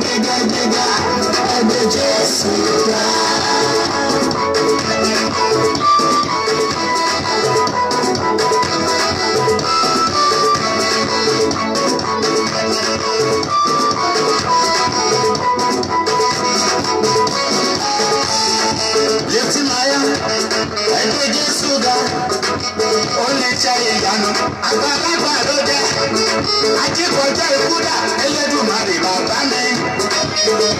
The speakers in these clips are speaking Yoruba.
diga, diga, obedece. Little liar, I need you sugar. ó lè ṣe ìyanu àgbàlagbà ló jẹ́ ajíkọjá ìkúdà Ẹlẹ́dùmarè bàbá mi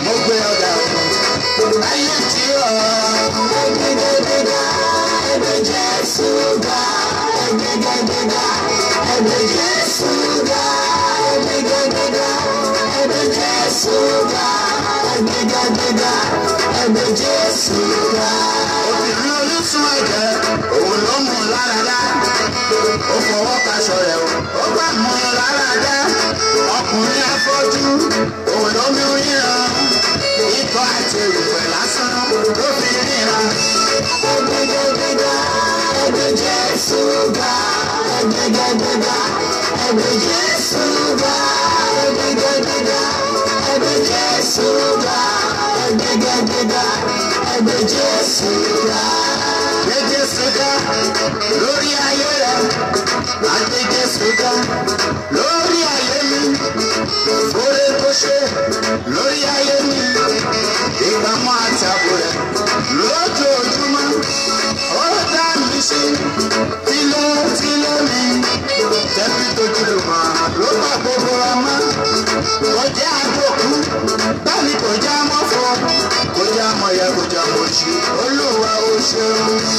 mo gbé ọ̀dà ayé tí ọ̀ ẹ̀dẹ̀dẹ̀dẹ̀dà ẹ̀dẹ̀ Jésù ga ẹ̀dẹ̀dẹ̀dẹ̀dà ẹ̀dẹ̀ Jésù ga ẹ̀dẹ̀dẹ̀dẹ̀dà ẹ̀dẹ̀ Jésù ga ẹ̀dẹ̀dẹ̀dẹ̀dà ẹ̀dẹ̀ Jésù ga. ó fọwọ́ ka sọ̀rẹ̀ o ó bá mọ lára dá ọkùnrin afọ́jú òun ló mú yíran ikọ̀ àti èrùpẹ̀ lásán ló fi ríran. ẹgbẹ́gbẹ́gbẹ́gbẹ́ ẹgbẹ́ Jésù ga ẹgbẹ́gbẹ́gbẹ́gbẹ́ ẹgbẹ́ Jésù ga ẹgbẹ́gbẹ́gbẹ́gbẹ́ ẹgbẹ́ Jésù ga ẹgbẹ́gbẹ́gbẹ́gbẹ́ ẹgbẹ́ Jésù. Jésù dá lórí ayé mi oore tó ṣe lórí ayé mi ìgbà máa àtàbò rẹ̀ lójoojúmọ́ ó dá mi ṣe tilótiló mi tẹ́bí tójúlùmọ̀ ló bá gbogbo wa mọ́ kò jẹ́ àgbòkú báyìí kò já mọ́ fọ́ kò já mọ́ yẹ kò já mọ́ ṣe olúwa ó ṣeun.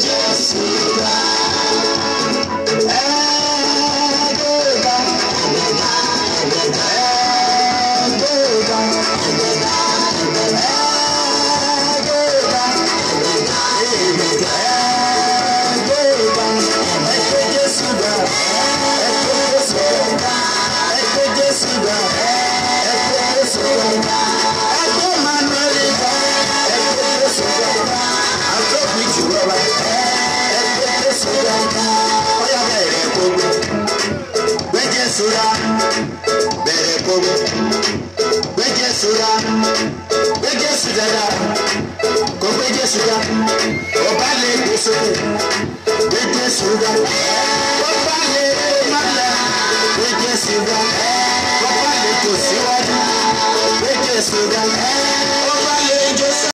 Jessica, Jésù dáadáa kò gbé Jésù ga ọba lè gbèsè.